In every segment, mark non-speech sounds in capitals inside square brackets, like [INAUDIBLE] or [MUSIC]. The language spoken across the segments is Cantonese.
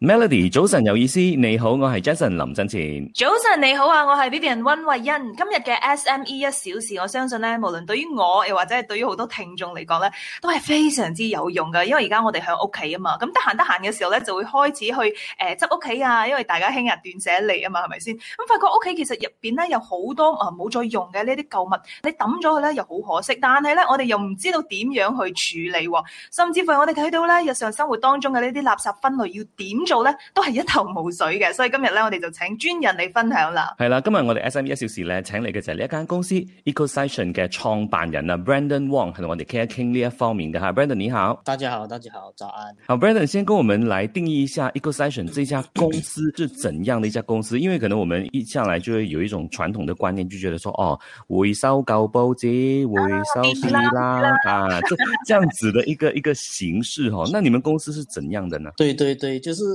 Melody，早晨有意思，你好，我係 Jason 林振前。早晨你好啊，我係 Vivian 温慧欣。今日嘅 SME 一小時，我相信咧，無論對於我，又或者係對於好多聽眾嚟講咧，都係非常之有用噶。因為而家我哋響屋企啊嘛，咁得閒得閒嘅時候咧，就會開始去誒執屋企啊。因為大家輕日斷捨離啊嘛，係咪先？咁、嗯、發覺屋企其實入邊咧有好多啊冇再用嘅呢啲舊物，你抌咗佢咧又好可惜，但係咧我哋又唔知道點樣去處理、啊，甚至乎我哋睇到咧日常生活當中嘅呢啲垃圾分類要點。做咧都係一頭霧水嘅，所以今日咧我哋就請專人嚟分享啦。係啦，今日我哋 SME 一小時咧，請嚟嘅就係呢一間公司 EcoSession 嘅創辦人啊，Brandon Wong，係我哋 Caring 呢一方面嘅哈，Brandon 你好。大家好，大家好，早安。好，Brandon 先跟我們嚟定義一下 EcoSession 這家公司是怎樣的一家公司， [LAUGHS] 因為可能我們一向來就會有一種傳統的觀念，就覺得說哦，回收舊報紙，回收啦 [LAUGHS] 啊，就這樣子的一個 [LAUGHS] 一個形式哦。那你們公司是怎樣的呢？對對對，就是。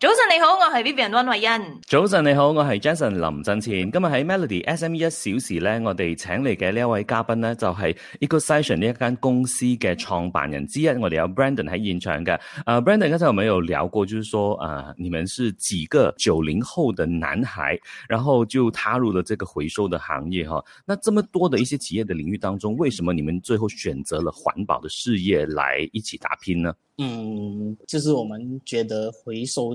早晨你好，我係 Vivian 溫慧欣。早晨你好，我係 Jason 林振前。今日喺 Melody SME 一小時咧，我哋請嚟嘅呢一位嘉賓呢，就係、是、Ecosation 呢一間公司嘅創辦人之一，我哋有 Brandon 喺現場嘅。啊、uh,，Brandon，剛才有沒有聊過，就是說啊，uh, 你們是幾個九零後嘅男孩，然後就踏入了這個回收的行業哈？那這麼多的一些企業的領域當中，為什麼你們最後選擇了環保的事業來一起打拼呢？嗯，就是我們覺得回收。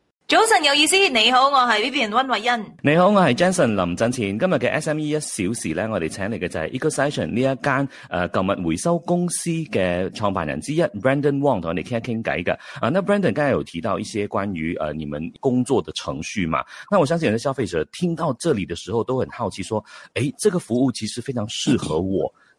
早晨有意思，你好，我係 Vivian vivian 溫慧欣，你好，我是 Johnson 林振前。今日嘅 SME 一小時呢，我哋請嚟嘅就係 e c o s s i o n 呢一間呃舊物回收公司嘅創辦人之一 Brandon Wong 同你傾一傾偈嘅。啊，那 Brandon 剛才有提到一些關於呃你們工作的程序嘛？那我相信有啲消費者聽到這裏的時候都很好奇說，說誒，這個服務其實非常適合我。 [LAUGHS]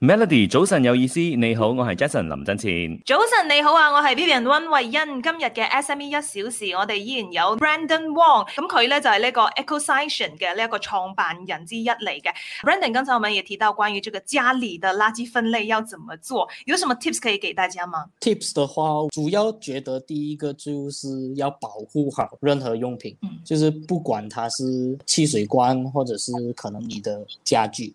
Melody，早晨有意思，你好，我係 Jason 林振前。早晨你好啊，我係 Vivian 温慧欣。今日嘅 SME 一小時，我哋依然有 Brandon Wong，咁佢咧就係、是、呢個 EcoSation 嘅呢一、這個創辦人之一嚟嘅。Brandon 剛才我咪亦提到關於呢個家裏的垃圾分類要怎麼做，有什麼 tips 可以給大家嗎？Tips 的話，主要覺得第一個就是要保護好任何用品，嗯、就是不管它是汽水罐，或者是可能你的家具。